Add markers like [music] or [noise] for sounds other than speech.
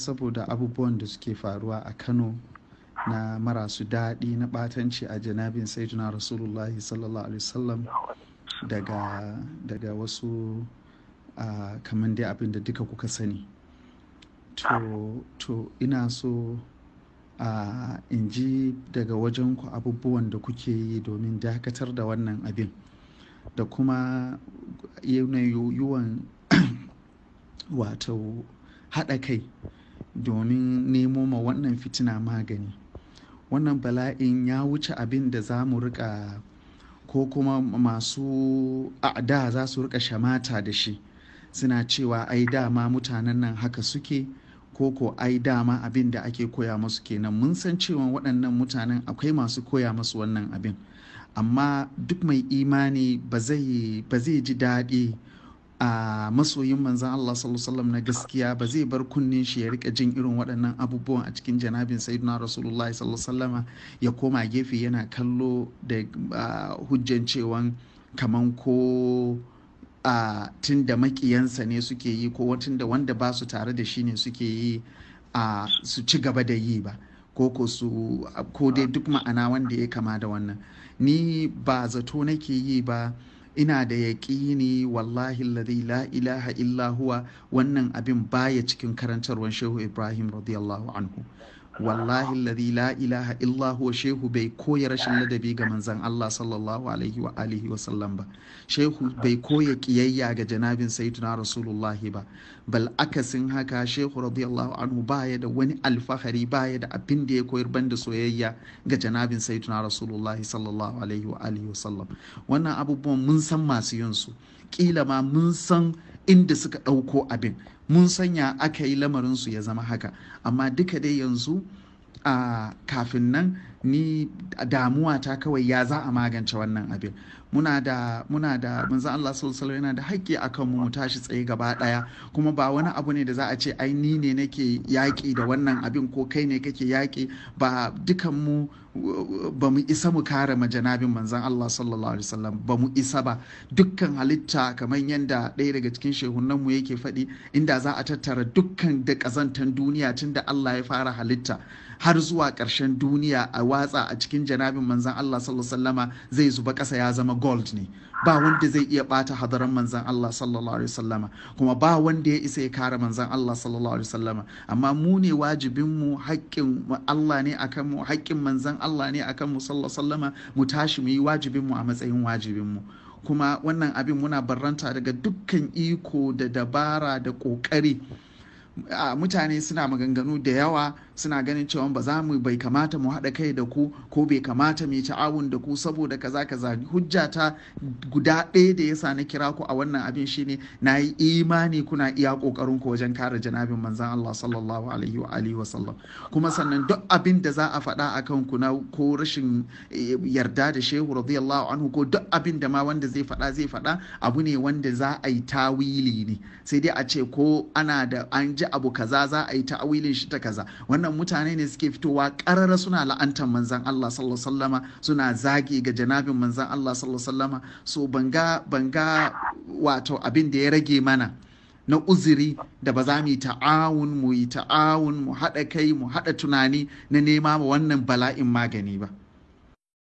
saboda abubuwan da suke faruwa a kano na marasu daɗi na ɓatanci a janabin sayyidina rasulullah sallallahu alaihi wasallam daga, daga wasu uh, kamar dai abin da duka kuka sani to, ina so uh, in ji daga wajen abubuwan da kuke yi domin dakatar da wannan abin da kuma yanayi yuwan [coughs] wato haɗa kai domin nemo ma wannan fitina magani wannan bala'in ya wuce abin da za mu rika ko kuma masu a'da za su rika shamata da shi suna cewa ai dama mutanen nan haka suke ko ko ai dama abin da ake koya masu kenan mun san cewa waɗannan mutanen akwai masu koya masu wannan abin amma duk mai imani ba zai ji daɗi a masoyin manzan Allah sallallahu na gaskiya ba zai bar kunnen shi ya rika jin irin waɗannan abubuwan a cikin janabin sayyidina rasulullahi sallallahu ya koma gefe yana kallo da hujjan kaman ko a tun da makiyansa ne suke yi ko tun da wanda ba su tare da shi ne suke yi a su ci gaba da yi ba ko ko su ko dai duk ma'ana wanda ya kama da wannan ni ba zato nake yi ba ina da ne wallahi ladi la ilaha illa huwa wannan abin baya cikin karantarwar shehu ibrahim radiyallahu anhu wallahi alladhi la ilaha illa huwa shehu bai koya rashin ah. ladabi ga manzon Allah sallallahu alaihi wa alihi wa sallam ba shehu bai koya kiyayya ga janabin sayyidina rasulullahi ba bal akasin haka shehu radiyallahu anhu baya da wani alfahari baya da abin da ya koyar banda soyayya ga janabin sayyidina rasulullahi sallallahu alaihi wa alihi wa sallam wannan abubuwan mun san masu yin su kila ma mun san inda suka ɗauko abin mun sanya aka yi lamarinsu ya zama haka amma duka dai yanzu a kafin nan ni damuwa ta kawai ya za a magance wannan abin muna da muna da manzo Allah sallallahu yana da haƙƙi akan mu tashi tsaye gaba daya kuma ba wani abu ne da za a ce ai ni ne nake yaƙi da wannan abin ko kai ne kake yaƙi ba dukan mu ba mu isa mu kare majanabin manzon Allah sallallahu alaihi wasallam ba mu isa ba dukkan halitta kamar yadda ɗaya daga cikin shehunan mu yake faɗi inda za a tattara dukkan da ƙazantan duniya tun da Allah ya fara halitta har zuwa ƙarshen duniya a watsa a cikin janabin manzan Allah sallallahu alaihi wasallama zai zuba ƙasa ya zama gold ne ba wanda zai iya bata hadaran manzan Allah sallallahu alaihi wasallama kuma ba wanda ya isa ya kare manzan Allah sallallahu alaihi wasallama amma mu ne wajibin mu haƙƙin Allah ne akan mu haƙƙin manzan Allah ne akan mu sallallahu alaihi wasallama mu tashi mu yi wajibin mu a matsayin wajibin mu kuma wannan abin muna barranta daga dukkan iko da dabara da ƙoƙari mutane suna maganganu da yawa suna ganin cewa ba za mu bai kamata mu haɗa kai da ku ko bai kamata mu yi ta'awun da ku saboda kaza kaza hujja ta guda ɗaya da yasa na kira ku a wannan abin shine na yi imani kuna iya ƙoƙarin ku wajen kare janabin manzan Allah sallallahu alaihi wa alihi sallam kuma sannan duk abin da za a faɗa a kan ku na ko rashin eh, yarda da shehu radiyallahu anhu ko duk abin da ma wanda zai faɗa zai faɗa abu ne wanda za a yi tawili ne sai dai a ce ko ana da an ji abu kaza za a yi tawilin shi ta kaza wannan mutane ne suke fitowa ƙarara suna la'antar manzan Allah sallallahu sallama suna zagi ga janabin manzan Allah sallallahu sallama so banga banga wato abin da ya rage mana na uzuri da ba za mu yi ta'awun mu yi ta'awun mu haɗa kai mu haɗa tunani na nema wannan bala'in magani ba.